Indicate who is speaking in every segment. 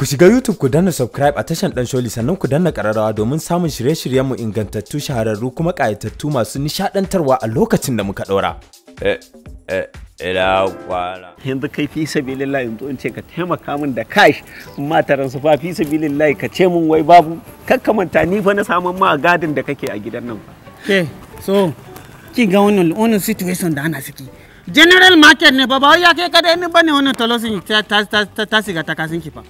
Speaker 1: Ku shiga YouTube ku danna subscribe a tashan Dan Sholi sannan ku danna ƙararrawa domin samun shirye-shiryenmu ingantattu shahararru kuma ƙayatattu masu nishadantarwa a lokacin da muka ɗora. Eh, eh, ila kwana. Yanzu kai fi sabilillahi yanzu in ce ka taimaka min da kash mataran su fa fi sabilillahi ka ce min wai babu kakkamanta ni fa na samun ma gadin da kake a gidan nan.
Speaker 2: Ke so ki ga wannan wannan situation da ana ciki. General market ne ba ba ya kai kada ni bane wannan talosin ta ta ta ta siga ta kasin ki fa.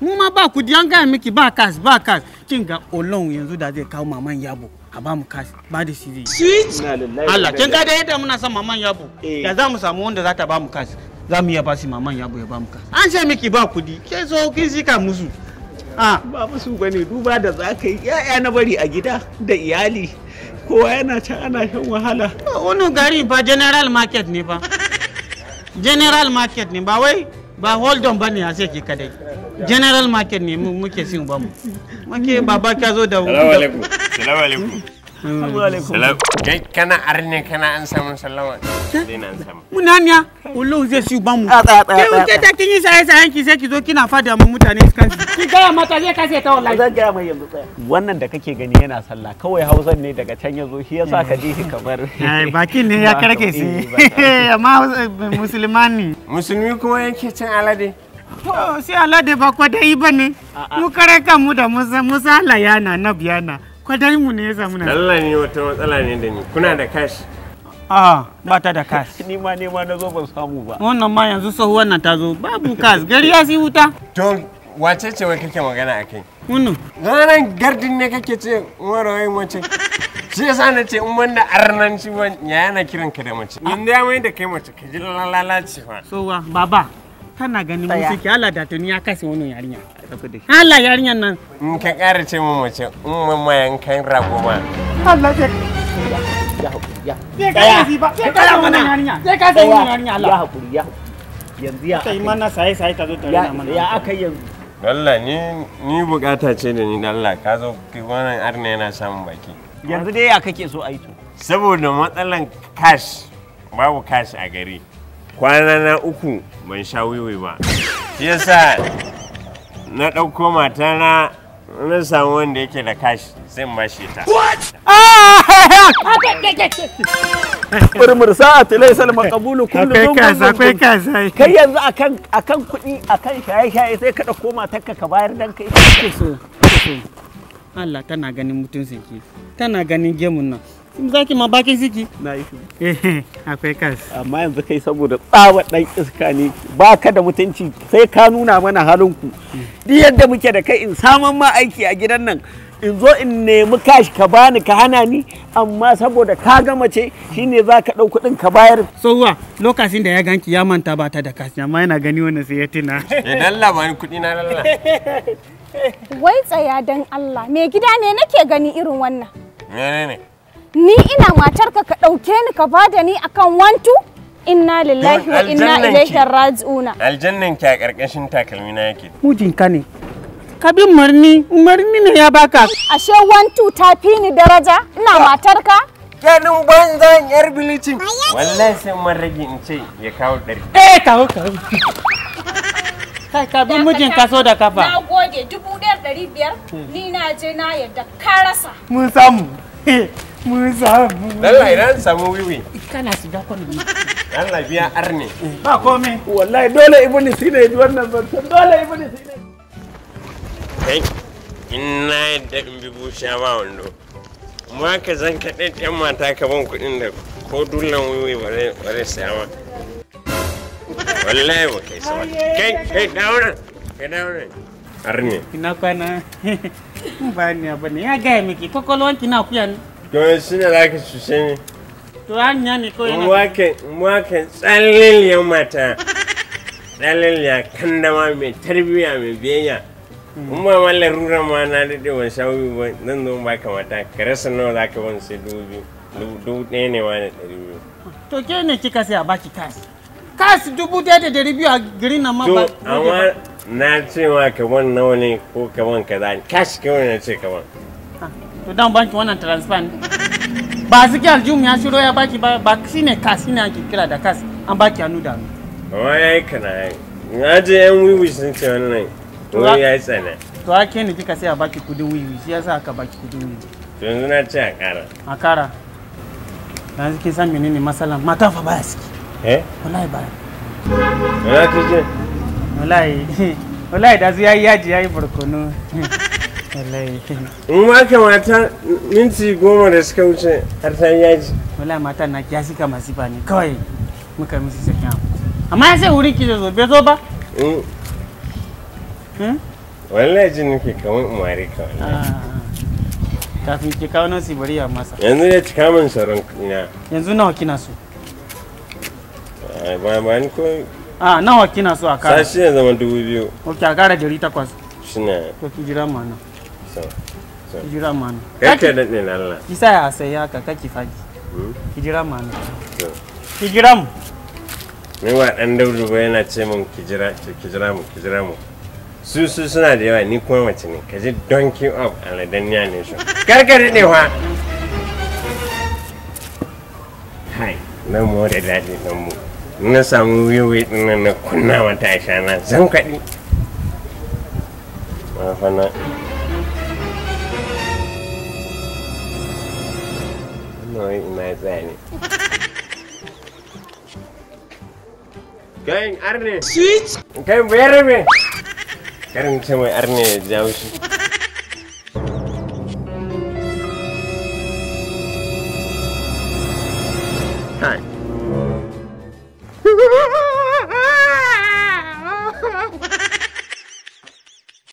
Speaker 2: mu ma ba kudi an gaya miki ba kas ba kas kin ga olohun yanzu da zai kawo maman yabo a ba mu kas ba da shi zai Allah kin ga da yadda muna son maman yabo eh. da za mu samu wanda za ta ba mu kas za mu iya ba shi maman yabo ya ba mu kas an ce miki ba kudi ke zo kin
Speaker 1: zika musu ah ba musu bane duba da za ka yi ya'ya na bari a gida da iyali kowa yana can ana shan wahala wani
Speaker 2: gari ba general market ne ba general market ne ba wai ba hold on bane a sai ke kadai general market ne muke sin ba mu
Speaker 3: muke baba ka zo da salamu alaikum salamu alaikum kana arne kana an sallama samu.
Speaker 1: zai ba mu.
Speaker 2: ta sai ki zo kina fada mu mutane su Ki mata zai ta wallahi.
Speaker 1: Zan mai yanzu Wannan da kake gani yana sallah kawai Hausan ne daga can shi yasa ka ji eh, Bakin ne ya karke shi.
Speaker 2: Amma Musulmani. Musulmi kuma yake cin alade. To sai Allah da ba kwadai ba ne. Mu kare kanmu da musala yana na biyana. Kwadai mu ne ya zamu
Speaker 3: na. Allah ne wata matsala ne da ni. Kuna da kashi. a ba ta da cash. Ni ma ne ma na zo ban samu ba.
Speaker 2: Wannan ma yanzu sahu wannan ta zo. Babu cash. Gari ya si wuta. To
Speaker 3: wace ce wai kake magana a kai? Wannan. Ranar gardin ne kake ce wai mace shi yasa na ce in wanda arnanci ya yana kiran ka da mace in da mai da kai mace ka ji lalace fa so baba
Speaker 2: tana ganin musu ke
Speaker 3: Allah da tuni ya kasa wani yarinya Allah yarinya nan in ka ƙara ce mu mace in mun mayan kan rago ma
Speaker 1: Allah ya ya ya ya ya ya ya yanzu ya kai mana sai sai ta zo ta rena mana ya aka yanzu
Speaker 3: Allah ni ni bukata ce da ni da Allah ka zo ki wannan arna yana samun baki yanzu dai ya kake so a yi to saboda matsalan cash babu cash a gari kwana na uku ban sha wiwi ba shi yasa na ɗauko matana na samu wanda yake da kashi sai in bashi ta
Speaker 1: murmursa a tilai salma kabulu kullum mun kaza kai kaza kai yanzu akan akan kuɗi akan shaye shaye sai ka ɗauko matarka ka bayar dan kai so
Speaker 2: Allah tana ganin mutuncinki tana
Speaker 1: ganin gemun nan
Speaker 2: zaki ma bakin ziki na yi
Speaker 1: eh, akwai kas amma yanzu kai saboda tsawa dan iska ne ba ka da mutunci sai ka nuna mana halin ku duk yadda muke da kai in saman ma aiki a gidan nan in zo in nemi kashi ka bani ka hana ni amma saboda ka ga mace shine za ka ɗau kuɗin ka bayar. tsohuwa
Speaker 2: lokacin da ya ganki ya manta ba ta da kashi amma yana gani wannan sai ya tuna. idan eh, labarin kuɗi na lalla. wai tsaya dan Allah me gida ne nake gani irin wannan. ne ni ina matarka ka ɗauke ni ka bada ni akan wantu inna lillahi wa inna ilaihi raji'una
Speaker 3: aljannan ki a ƙarƙashin takalmi na yake
Speaker 2: mujinka ne ka bi marni murni ne ya baka ashe wantu ta fi ni daraja ina matarka ganin banzan yar bilicin wallahi
Speaker 3: sai mun rage in ce ya kawo ɗari
Speaker 2: eh kawo kawo kai ka bi mijin ka so da kafa na gode dubu ɗari biyar hmm. ni na je na yadda ka rasa mun samu
Speaker 1: mun samu lallai nan
Speaker 3: samu wiwi kana shiga kwalbi Allah biya arne
Speaker 1: ba komai wallahi dole ibnu sina yi wannan zancen dole
Speaker 3: kai na yadda in bi busha ba wando ma ka zan kaɗe ɗan mata ka ban kuɗin da ko dullan wiwi ba zai saya ma wallahi ba kai sama kai kai daura kai daura arne
Speaker 2: ina kwana ba ne ba ne ya miki na
Speaker 3: to shi ne za ka cushe ni to hanya ne kawai na mwake tsalliliyar mata tsalliliya kan dama mai tarbiyya mai biyayya in ba ma larura ma na daɗe ban shawi ba nan zo ba ka mata ka rasa nawa za ka ban sai dubu biyu dubu ɗaya ne ma da ɗari biyu
Speaker 2: to ke ne kika sai a baki kasi kasi dubu ɗaya da ɗari biyu a garin nan ma ba amma
Speaker 3: na ce ma ka ban nawa ne ko ka ban kaza kashi kawai na ce ka ban
Speaker 2: to dan banki wannan transfer ne ba ziki aljihun ya shiro ya baki ba ba shine kas shine ake kira da kas an baki hannu da hannu
Speaker 3: wai kana na je yan wiwi sun ce wannan wai ya yi tsana
Speaker 2: to ake ne kika sai a baki kudin wiwi shi yasa aka baki kudin wiwi
Speaker 3: to yanzu na ce a kara
Speaker 2: a kara yanzu kin san menene matsalan matan fa baya siki eh wallahi
Speaker 1: baya
Speaker 2: wallahi wallahi da su yayi yaji yayi barkono mu ma mata minti goma da suka wuce har ta yaji wala mata na ya suka masifa ne kawai muka musu sakin abu amma ya sai wurin ki da zo bai zo ba mm. hmm?
Speaker 3: wallahi jin nake kamar umari kawai ah.
Speaker 2: kafin ki kawo nasi bari ya masa yanzu
Speaker 3: ya cika min sauran ina
Speaker 2: yanzu nawa kina so
Speaker 3: ba ba ni ko a ah, nawa kina so a kara sashi ya zama dubu biyu
Speaker 2: ok a kara dari takwas shine to ki jira mana hijira mana kisa ya fadi hmm?
Speaker 3: wa ɗan daudu ba yana ce mun kijira mu su suna da yawa ni kuma mace ne kaji donkey of aladanya ne shi karkar ne fa hai nan mu da daɗi mu na samu wiwi ɗin na kunna mata shana zan kaɗi ma fana Oi, mata ne. Kayan arne. Sweet. Karin ce mai arne ya jawo